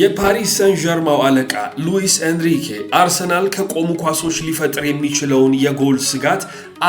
የፓሪስ ሰን ዠርማው አለቃ ሉዊስ ኤንሪኬ አርሰናል ከቆሙ ኳሶች ሊፈጥር የሚችለውን የጎል ስጋት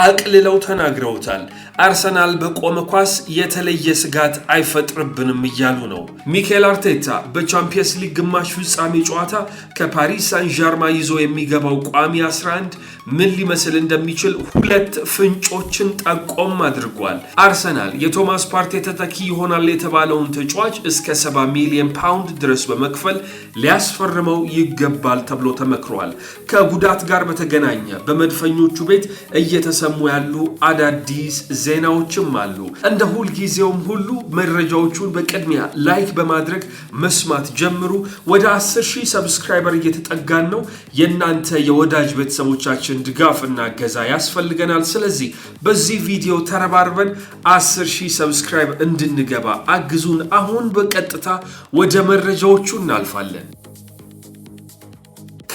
አቅልለው ተናግረውታል። አርሰናል በቆመ ኳስ የተለየ ስጋት አይፈጥርብንም እያሉ ነው። ሚኬል አርቴታ በቻምፒየንስ ሊግ ግማሽ ፍጻሜ ጨዋታ ከፓሪስ ሳን ዣርማ ይዞ የሚገባው ቋሚ 11 ምን ሊመስል እንደሚችል ሁለት ፍንጮችን ጠቆም አድርጓል። አርሰናል የቶማስ ፓርቴ ተተኪ ይሆናል የተባለውን ተጫዋች እስከ 70 ሚሊዮን ፓውንድ ድረስ በመክፈል ሊያስፈርመው ይገባል ተብሎ ተመክሯል። ከጉዳት ጋር በተገናኘ በመድፈኞቹ ቤት እየተሰሙ ያሉ አዳዲስ ዜናዎችም አሉ። እንደ ሁልጊዜውም ሁሉ መረጃዎቹን በቅድሚያ ላይክ በማድረግ መስማት ጀምሩ። ወደ 10 ሺህ ሰብስክራይበር እየተጠጋን ነው። የእናንተ የወዳጅ ቤተሰቦቻችን የሁላችን ድጋፍና ገዛ ያስፈልገናል። ስለዚህ በዚህ ቪዲዮ ተረባርበን 10 ሺህ ሰብስክራይብ እንድንገባ አግዙን። አሁን በቀጥታ ወደ መረጃዎቹ እናልፋለን።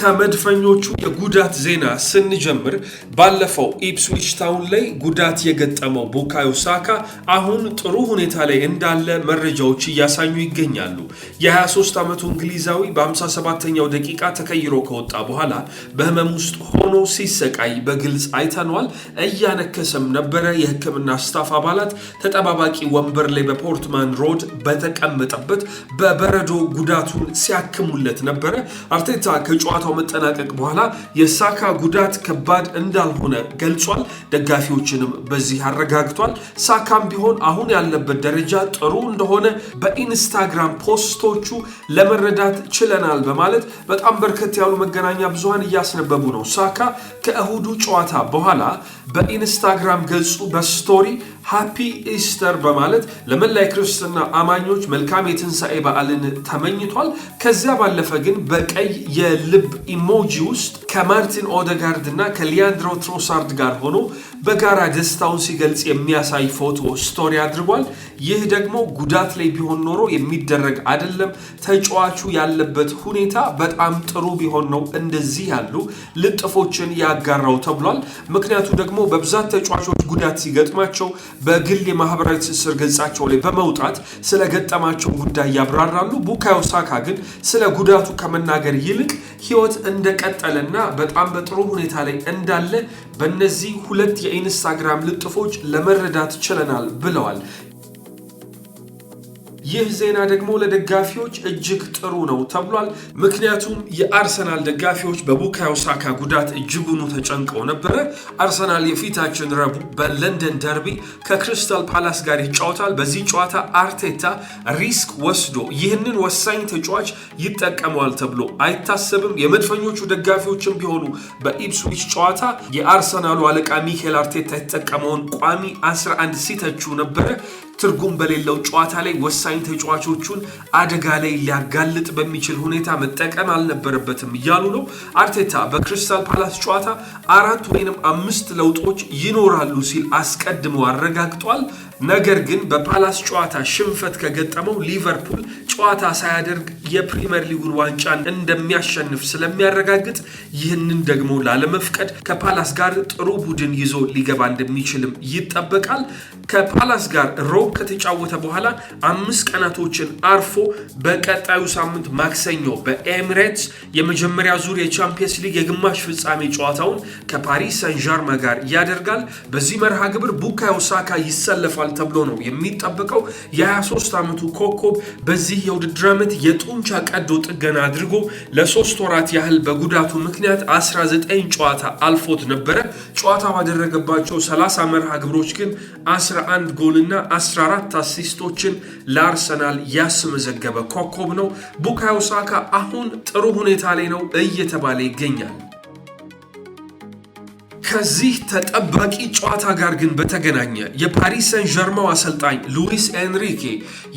ከመድፈኞቹ የጉዳት ዜና ስንጀምር ባለፈው ኢፕስዊች ታውን ላይ ጉዳት የገጠመው ቡካዮ ሳካ አሁን ጥሩ ሁኔታ ላይ እንዳለ መረጃዎች እያሳዩ ይገኛሉ። የ23 ዓመቱ እንግሊዛዊ በ57ኛው ደቂቃ ተከይሮ ከወጣ በኋላ በህመም ውስጥ ሆኖ ሲሰቃይ በግልጽ አይተነዋል። እያነከሰም ነበረ። የህክምና ስታፍ አባላት ተጠባባቂ ወንበር ላይ በፖርትማን ሮድ በተቀመጠበት በበረዶ ጉዳቱን ሲያክሙለት ነበረ። አርቴታ ከጨዋታ ከጨዋታው መጠናቀቅ በኋላ የሳካ ጉዳት ከባድ እንዳልሆነ ገልጿል። ደጋፊዎችንም በዚህ አረጋግቷል። ሳካም ቢሆን አሁን ያለበት ደረጃ ጥሩ እንደሆነ በኢንስታግራም ፖስቶቹ ለመረዳት ችለናል በማለት በጣም በርከት ያሉ መገናኛ ብዙሃን እያስነበቡ ነው። ሳካ ከእሁዱ ጨዋታ በኋላ በኢንስታግራም ገጹ በስቶሪ ሃፒ ኢስተር በማለት ለመላ ክርስትና አማኞች መልካም የትንሣኤ በዓልን ተመኝቷል። ከዚያ ባለፈ ግን በቀይ የልብ ኢሞጂ ውስጥ ከማርቲን ኦደጋርድ እና ከሊያንድሮ ትሮሳርድ ጋር ሆኖ በጋራ ደስታውን ሲገልጽ የሚያሳይ ፎቶ ስቶሪ አድርጓል። ይህ ደግሞ ጉዳት ላይ ቢሆን ኖሮ የሚደረግ አይደለም። ተጫዋቹ ያለበት ሁኔታ በጣም ጥሩ ቢሆን ነው እንደዚህ ያሉ ልጥፎችን ያጋራው ተብሏል። ምክንያቱ ደግሞ በብዛት ተጫዋቾች ጉዳት ሲገጥማቸው በግል የማህበራዊ ትስስር ገጻቸው ላይ በመውጣት ስለ ገጠማቸው ጉዳይ ያብራራሉ። ቡካዮ ሳካ ግን ስለ ጉዳቱ ከመናገር ይልቅ ህይወት እንደቀጠለና በጣም በጥሩ ሁኔታ ላይ እንዳለ በእነዚህ ሁለት የኢንስታግራም ልጥፎች ለመረዳት ችለናል ብለዋል። ይህ ዜና ደግሞ ለደጋፊዎች እጅግ ጥሩ ነው ተብሏል። ምክንያቱም የአርሰናል ደጋፊዎች በቡካዮ ሳካ ጉዳት እጅጉኑ ተጨንቀው ነበረ። አርሰናል የፊታችን ረቡዕ በለንደን ደርቢ ከክሪስታል ፓላስ ጋር ይጫወታል። በዚህ ጨዋታ አርቴታ ሪስክ ወስዶ ይህንን ወሳኝ ተጫዋች ይጠቀመዋል ተብሎ አይታሰብም። የመድፈኞቹ ደጋፊዎችም ቢሆኑ በኢፕስዊች ጨዋታ የአርሰናሉ አለቃ ሚካኤል አርቴታ የተጠቀመውን ቋሚ 11 ሲተቹ ነበረ። ትርጉም በሌለው ጨዋታ ላይ ወሳኝ ተጫዋቾቹን አደጋ ላይ ሊያጋልጥ በሚችል ሁኔታ መጠቀም አልነበረበትም እያሉ ነው። አርቴታ በክሪስታል ፓላስ ጨዋታ አራት ወይንም አምስት ለውጦች ይኖራሉ ሲል አስቀድሞ አረጋግጧል። ነገር ግን በፓላስ ጨዋታ ሽንፈት ከገጠመው ሊቨርፑል ጨዋታ ሳያደርግ የፕሪምየር ሊጉን ዋንጫን እንደሚያሸንፍ ስለሚያረጋግጥ ይህንን ደግሞ ላለመፍቀድ ከፓላስ ጋር ጥሩ ቡድን ይዞ ሊገባ እንደሚችልም ይጠበቃል። ከፓላስ ጋር ሮብ ከተጫወተ በኋላ አምስት ቀናቶችን አርፎ በቀጣዩ ሳምንት ማክሰኞ በኤሚሬትስ የመጀመሪያ ዙር የቻምፒየንስ ሊግ የግማሽ ፍጻሜ ጨዋታውን ከፓሪስ ሰን ጋር ያደርጋል። በዚህ መርሃ ግብር ቡካዮ ሳካ ይሰለፋል ይሆናል ተብሎ ነው የሚጠበቀው። የ23 ዓመቱ ኮከብ በዚህ የውድድር ዓመት የጡንቻ ቀዶ ጥገና አድርጎ ለሶስት ወራት ያህል በጉዳቱ ምክንያት 19 ጨዋታ አልፎት ነበረ። ጨዋታ ባደረገባቸው 30 መርሃ ግብሮች ግን 11 ጎልና 14 አሲስቶችን ለአርሰናል ያስመዘገበ ኮከብ ነው። ቡካዮ ሳካ አሁን ጥሩ ሁኔታ ላይ ነው እየተባለ ይገኛል። ከዚህ ተጠባቂ ጨዋታ ጋር ግን በተገናኘ የፓሪስ ሰን ዠርማው አሰልጣኝ ሉዊስ ኤንሪኬ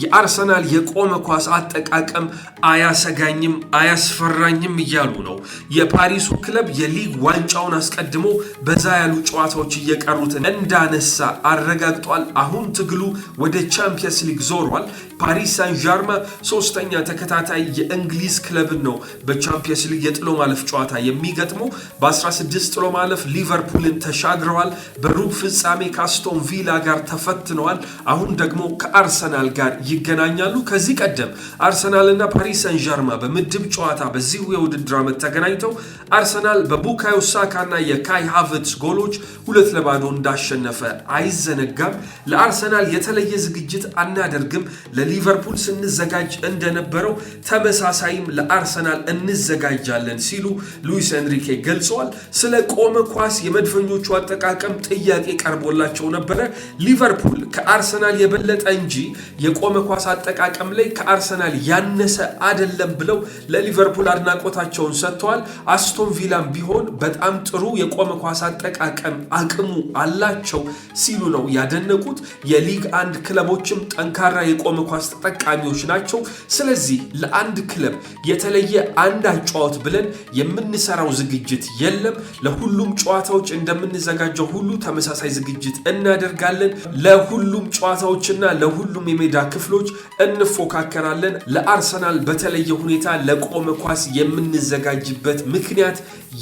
የአርሰናል የቆመ ኳስ አጠቃቀም አያሰጋኝም አያስፈራኝም እያሉ ነው። የፓሪሱ ክለብ የሊግ ዋንጫውን አስቀድሞ በዛ ያሉ ጨዋታዎች እየቀሩትን እንዳነሳ አረጋግጧል። አሁን ትግሉ ወደ ቻምፒየንስ ሊግ ዞሯል። ፓሪስ ሳን ዣርማ ሶስተኛ ተከታታይ የእንግሊዝ ክለብን ነው በቻምፒየንስ ሊግ የጥሎ ማለፍ ጨዋታ የሚገጥመው በ16 ጥሎ ማለፍ ሊቨር ሊቨርፑልን ተሻግረዋል። በሩብ ፍጻሜ ከአስቶን ቪላ ጋር ተፈትነዋል። አሁን ደግሞ ከአርሰናል ጋር ይገናኛሉ። ከዚህ ቀደም አርሰናልና ፓሪስ ሰን ዠርማ በምድብ ጨዋታ በዚሁ የውድድር ዓመት ተገናኝተው አርሰናል በቡካዮ ሳካና የካይ ሃቨርትዝ ጎሎች ሁለት ለባዶ እንዳሸነፈ አይዘነጋም። ለአርሰናል የተለየ ዝግጅት አናደርግም፣ ለሊቨርፑል ስንዘጋጅ እንደነበረው ተመሳሳይም ለአርሰናል እንዘጋጃለን ሲሉ ሉዊስ ኤንሪኬ ገልጸዋል። ስለ ቆመ ኳስ የመድፈኞቹ አጠቃቀም ጥያቄ ቀርቦላቸው ነበረ። ሊቨርፑል ከአርሰናል የበለጠ እንጂ የቆመ ኳስ አጠቃቀም ላይ ከአርሰናል ያነሰ አደለም ብለው ለሊቨርፑል አድናቆታቸውን ሰጥተዋል። አስቶን ቪላም ቢሆን በጣም ጥሩ የቆመ ኳስ አጠቃቀም አቅሙ አላቸው ሲሉ ነው ያደነቁት። የሊግ አንድ ክለቦችም ጠንካራ የቆመ ኳስ ተጠቃሚዎች ናቸው። ስለዚህ ለአንድ ክለብ የተለየ አንድ አጨዋወት ብለን የምንሰራው ዝግጅት የለም። ለሁሉም ጨዋታዎች ጨዋታዎች እንደምንዘጋጀው ሁሉ ተመሳሳይ ዝግጅት እናደርጋለን። ለሁሉም ጨዋታዎችና ለሁሉም የሜዳ ክፍሎች እንፎካከራለን። ለአርሰናል በተለየ ሁኔታ ለቆመ ኳስ የምንዘጋጅበት ምክንያት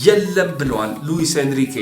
የለም ብለዋል ሉዊስ ኤንሪኬ።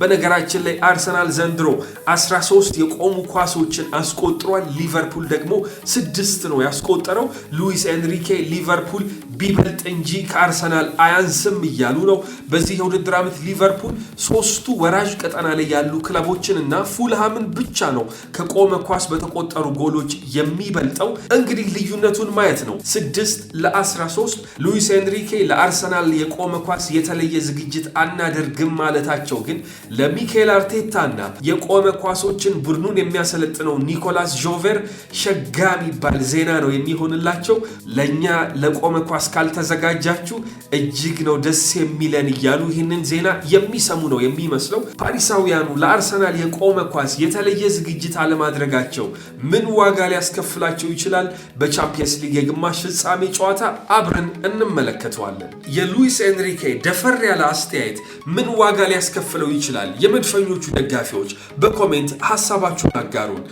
በነገራችን ላይ አርሰናል ዘንድሮ 13 የቆሙ ኳሶችን አስቆጥሯል። ሊቨርፑል ደግሞ ስድስት ነው ያስቆጠረው። ሉዊስ ኤንሪኬ ሊቨርፑል ቢበልጥ እንጂ ከአርሰናል አያንስም እያሉ ነው። በዚህ የውድድር ዓመት ሊቨርፑል ሶስቱ ወራጅ ቀጠና ላይ ያሉ ክለቦችን እና ፉልሃምን ብቻ ነው ከቆመ ኳስ በተቆጠሩ ጎሎች የሚበልጠው። እንግዲህ ልዩነቱን ማየት ነው። ስድስት ለ13 ሉዊስ ኤንሪኬ ለአርሰናል የቆመ ኳስ የተለየ ዝግጅት አናደርግም ማለታቸው ግን ለሚካኤል አርቴታና የቆመ ኳሶችን ቡድኑን የሚያሰለጥነው ኒኮላስ ጆቨር ሸጋ የሚባል ዜና ነው የሚሆንላቸው። ለእኛ ለቆመ ኳስ ካልተዘጋጃችሁ እጅግ ነው ደስ የሚለን እያሉ ይህንን ዜና የሚሰሙ ነው የሚመስለው። ፓሪሳውያኑ ለአርሰናል የቆመ ኳስ የተለየ ዝግጅት አለማድረጋቸው ምን ዋጋ ሊያስከፍላቸው ይችላል? በቻምፒየንስ ሊግ የግማሽ ፍጻሜ ጨዋታ አብረን እንመለከተዋለን። የሉዊስ ኤንሪኬ ደፈር ያለ አስተያየት ምን ዋጋ ሊያስከፍለው ይችላል? ይችላል? የመድፈኞቹ ደጋፊዎች በኮሜንት ሀሳባችሁን አጋሩን።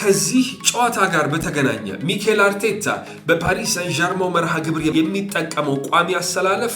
ከዚህ ጨዋታ ጋር በተገናኘ ሚኬል አርቴታ በፓሪስ ሰን ዣርሞ መርሃ ግብር የሚጠቀመው ቋሚ አሰላለፍ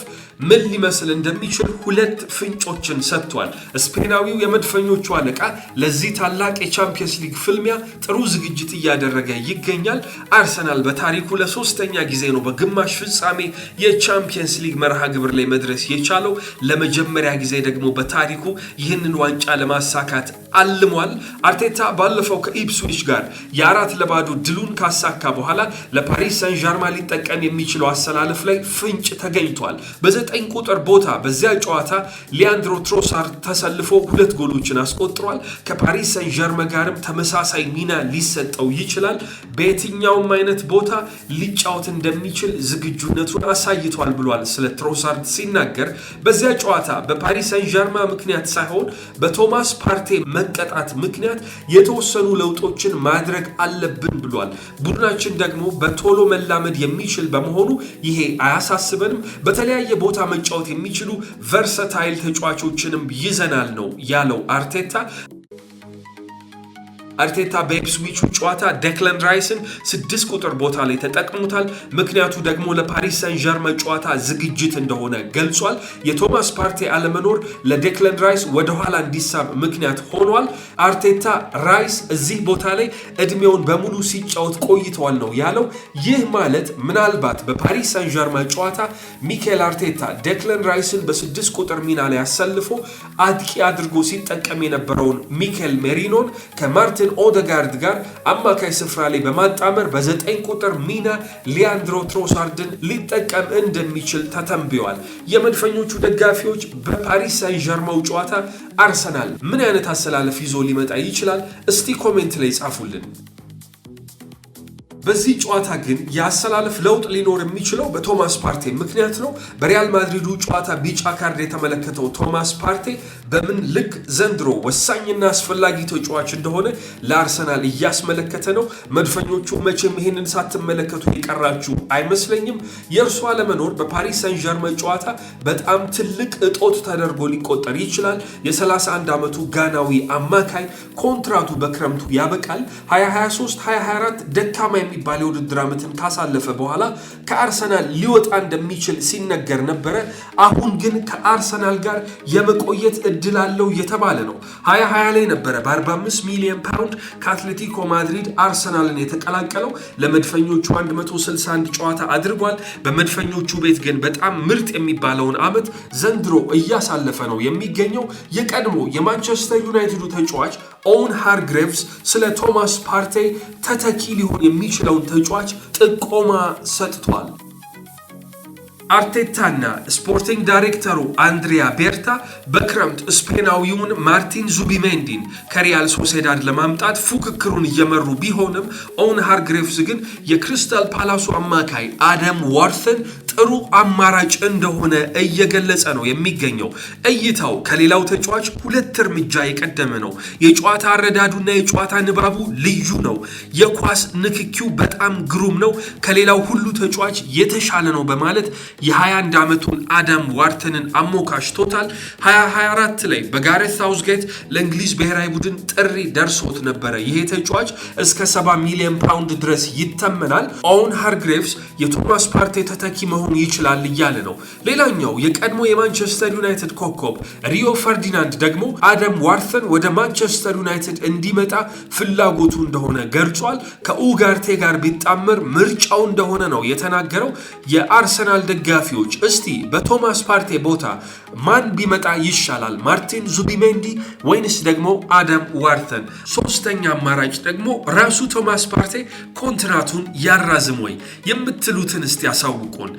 ምን ሊመስል እንደሚችል ሁለት ፍንጮችን ሰጥቷል። ስፔናዊው የመድፈኞቹ አለቃ ለዚህ ታላቅ የቻምፒየንስ ሊግ ፍልሚያ ጥሩ ዝግጅት እያደረገ ይገኛል። አርሰናል በታሪኩ ለሶስተኛ ጊዜ ነው በግማሽ ፍጻሜ የቻምፒየንስ ሊግ መርሃ ግብር ላይ መድረስ የቻለው። ለመጀመሪያ ጊዜ ደግሞ በታሪኩ ይህንን ዋንጫ ለማሳካት አልሟል። አርቴታ ባለፈው ከኢፕስዊች ጋር የአራት ለባዶ ድሉን ካሳካ በኋላ ለፓሪስ ሰን ዣርማ ሊጠቀም የሚችለው አሰላለፍ ላይ ፍንጭ ተገኝቷል። በዘጠኝ ቁጥር ቦታ በዚያ ጨዋታ ሊያንድሮ ትሮሳር ተሰልፎ ሁለት ጎሎችን አስቆጥሯል። ከፓሪስ ሰን ዠርመ ጋርም ተመሳሳይ ሚና ሊሰጠው ይችላል። በየትኛውም አይነት ቦታ ሊጫወት እንደሚችል ዝግጁነቱን አሳይቷል ብሏል ስለ ትሮሳርድ ሲናገር በዚያ ጨዋታ በፓሪስ ሰን ዠርማ ምክንያት ሳይሆን በቶማስ ፓርቴ መቀጣት ምክንያት የተወሰኑ ለውጦችን ማድረግ አለብን ብሏል። ቡድናችን ደግሞ በቶሎ መላመድ የሚችል በመሆኑ ይሄ አያሳስበንም። በተለያየ ቦታ ቦታ መጫወት የሚችሉ ቨርሰታይል ተጫዋቾችንም ይዘናል ነው ያለው አርቴታ። አርቴታ በኢፕስዊቹ ጨዋታ ደክለን ራይስን ስድስት ቁጥር ቦታ ላይ ተጠቅሞታል። ምክንያቱ ደግሞ ለፓሪስ ሰን ዠርመ ጨዋታ ዝግጅት እንደሆነ ገልጿል። የቶማስ ፓርቴ አለመኖር ለዴክለን ራይስ ወደኋላ እንዲሳብ ምክንያት ሆኗል። አርቴታ ራይስ እዚህ ቦታ ላይ እድሜውን በሙሉ ሲጫወት ቆይተዋል ነው ያለው። ይህ ማለት ምናልባት በፓሪስ ሰን ዠርመ ጨዋታ ሚካኤል አርቴታ ደክለን ራይስን በስድስት ቁጥር ሚና ላይ አሰልፎ አጥቂ አድርጎ ሲጠቀም የነበረውን ሚካኤል ሜሪኖን ከማርቲን ሪካርድን ኦደጋርድ ጋር አማካይ ስፍራ ላይ በማጣመር በዘጠኝ ቁጥር ሚና ሊያንድሮ ትሮሳርድን ሊጠቀም እንደሚችል ተተንብዋል። የመድፈኞቹ ደጋፊዎች በፓሪስ ሳን ዠርማው ጨዋታ አርሰናል ምን አይነት አሰላለፍ ይዞ ሊመጣ ይችላል? እስቲ ኮሜንት ላይ ጻፉልን። በዚህ ጨዋታ ግን የአሰላለፍ ለውጥ ሊኖር የሚችለው በቶማስ ፓርቴ ምክንያት ነው። በሪያል ማድሪዱ ጨዋታ ቢጫ ካርድ የተመለከተው ቶማስ ፓርቴ በምን ልክ ዘንድሮ ወሳኝና አስፈላጊ ተጫዋች እንደሆነ ለአርሰናል እያስመለከተ ነው። መድፈኞቹ መቼም ይሄንን ሳትመለከቱ የቀራችሁ አይመስለኝም። የእርሱ አለመኖር በፓሪስ ሰን ዠርመን ጨዋታ በጣም ትልቅ እጦት ተደርጎ ሊቆጠር ይችላል። የ31 ዓመቱ ጋናዊ አማካይ ኮንትራቱ በክረምቱ ያበቃል። 2023 2024 ደካማ የሚባል የውድድር ዓመትን ካሳለፈ በኋላ ከአርሰናል ሊወጣ እንደሚችል ሲነገር ነበረ። አሁን ግን ከአርሰናል ጋር የመቆየት እድል አለው እየተባለ ነው። ሀያ ሀያ ላይ ነበረ በ45 ሚሊዮን ፓውንድ ከአትሌቲኮ ማድሪድ አርሰናልን የተቀላቀለው። ለመድፈኞቹ 161 ጨዋታ አድርጓል። በመድፈኞቹ ቤት ግን በጣም ምርጥ የሚባለውን ዓመት ዘንድሮ እያሳለፈ ነው የሚገኘው። የቀድሞ የማንቸስተር ዩናይትዱ ተጫዋች ኦውን ሃርግሬቭስ ስለ ቶማስ ፓርቴ ተተኪ ሊሆን የሚችለውን ተጫዋች ጥቆማ ሰጥቷል። አርቴታና ስፖርቲንግ ዳይሬክተሩ አንድሪያ ቤርታ በክረምት ስፔናዊውን ማርቲን ዙቢሜንዲን ከሪያል ሶሴዳድ ለማምጣት ፉክክሩን እየመሩ ቢሆንም ኦውን ሃርግሬቭስ ግን የክሪስታል ፓላሱ አማካይ አደም ዋርተን ጥሩ አማራጭ እንደሆነ እየገለጸ ነው የሚገኘው። እይታው ከሌላው ተጫዋች ሁለት እርምጃ የቀደመ ነው። የጨዋታ አረዳዱና የጨዋታ ንባቡ ልዩ ነው። የኳስ ንክኪው በጣም ግሩም ነው። ከሌላው ሁሉ ተጫዋች የተሻለ ነው በማለት የ21 ዓመቱን አዳም ዋርተንን አሞካሽቶታል። 2024 ላይ በጋሬት ሳውዝጌት ለእንግሊዝ ብሔራዊ ቡድን ጥሪ ደርሶት ነበረ። ይሄ ተጫዋች እስከ 70 ሚሊዮን ፓውንድ ድረስ ይተመናል። ኦውን ሃርግሬቭስ የቶማስ ፓርቴ ተተኪ መሆ ሊሆን ይችላል እያለ ነው። ሌላኛው የቀድሞ የማንቸስተር ዩናይትድ ኮከብ ሪዮ ፈርዲናንድ ደግሞ አደም ዋርተን ወደ ማንቸስተር ዩናይትድ እንዲመጣ ፍላጎቱ እንደሆነ ገልጿል። ከኡጋርቴ ጋር ቢጣመር ምርጫው እንደሆነ ነው የተናገረው። የአርሰናል ደጋፊዎች እስቲ በቶማስ ፓርቴ ቦታ ማን ቢመጣ ይሻላል? ማርቲን ዙቢሜንዲ ወይንስ ደግሞ አደም ዋርተን? ሶስተኛ አማራጭ ደግሞ ራሱ ቶማስ ፓርቴ ኮንትራቱን ያራዝም ወይ የምትሉትን እስቲ ያሳውቁን።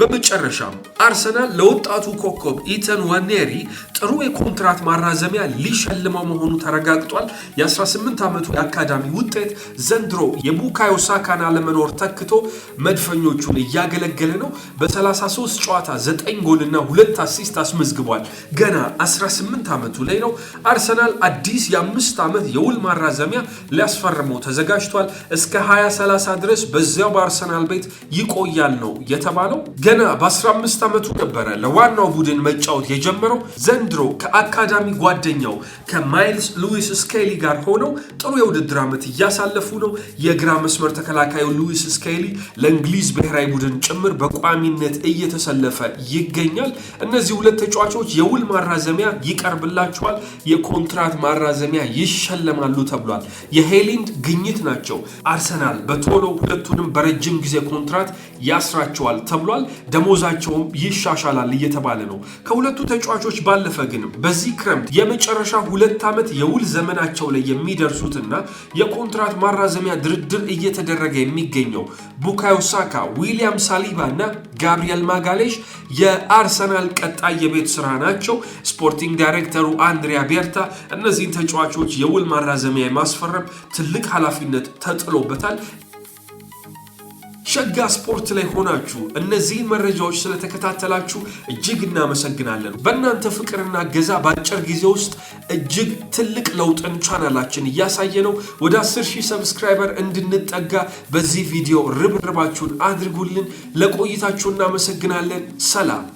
በመጨረሻም አርሰናል ለወጣቱ ኮከብ ኢተን ዋኔሪ ጥሩ የኮንትራት ማራዘሚያ ሊሸልመው መሆኑ ተረጋግጧል። የ18 ዓመቱ የአካዳሚ ውጤት ዘንድሮ የቡካዮ ሳካን አለመኖር ተክቶ መድፈኞቹን እያገለገለ ነው። በ33 ጨዋታ 9 ጎልና 2 አሲስት አስመዝግቧል። ገና 18 ዓመቱ ላይ ነው። አርሰናል አዲስ የአምስት ዓመት የውል ማራዘሚያ ሊያስፈርመው ተዘጋጅቷል። እስከ 2030 ድረስ በዚያው በአርሰናል ቤት ይቆያል ነው የተባለው። ገና በ15 ዓመቱ ነበረ ለዋናው ቡድን መጫወት የጀመረው። ዘንድሮ ከአካዳሚ ጓደኛው ከማይልስ ሉዊስ ስኬሊ ጋር ሆነው ጥሩ የውድድር ዓመት እያሳለፉ ነው። የግራ መስመር ተከላካዩ ሉዊስ ስኬሊ ለእንግሊዝ ብሔራዊ ቡድን ጭምር በቋሚነት እየተሰለፈ ይገኛል። እነዚህ ሁለት ተጫዋቾች የውል ማራዘሚያ ይቀርብላቸዋል፣ የኮንትራት ማራዘሚያ ይሸለማሉ ተብሏል። የሄሊንድ ግኝት ናቸው። አርሰናል በቶሎ ሁለቱንም በረጅም ጊዜ ኮንትራት ያስራቸዋል ተብሏል። ደሞዛቸውም ይሻሻላል እየተባለ ነው። ከሁለቱ ተጫዋቾች ባለፈ ግንም በዚህ ክረምት የመጨረሻ ሁለት ዓመት የውል ዘመናቸው ላይ የሚደርሱትና የኮንትራት ማራዘሚያ ድርድር እየተደረገ የሚገኘው ቡካዮ ሳካ፣ ዊሊያም ሳሊባ እና ጋብሪኤል ማጋሌሽ የአርሰናል ቀጣይ የቤት ስራ ናቸው። ስፖርቲንግ ዳይሬክተሩ አንድሪያ ቤርታ እነዚህን ተጫዋቾች የውል ማራዘሚያ የማስፈረም ትልቅ ኃላፊነት ተጥሎበታል። ሸጋ ስፖርት ላይ ሆናችሁ እነዚህን መረጃዎች ስለተከታተላችሁ እጅግ እናመሰግናለን። በእናንተ ፍቅርና ገዛ በአጭር ጊዜ ውስጥ እጅግ ትልቅ ለውጥን ቻናላችን እያሳየ ነው። ወደ 10 ሺህ ሰብስክራይበር እንድንጠጋ በዚህ ቪዲዮ ርብርባችሁን አድርጉልን። ለቆይታችሁ እናመሰግናለን። ሰላም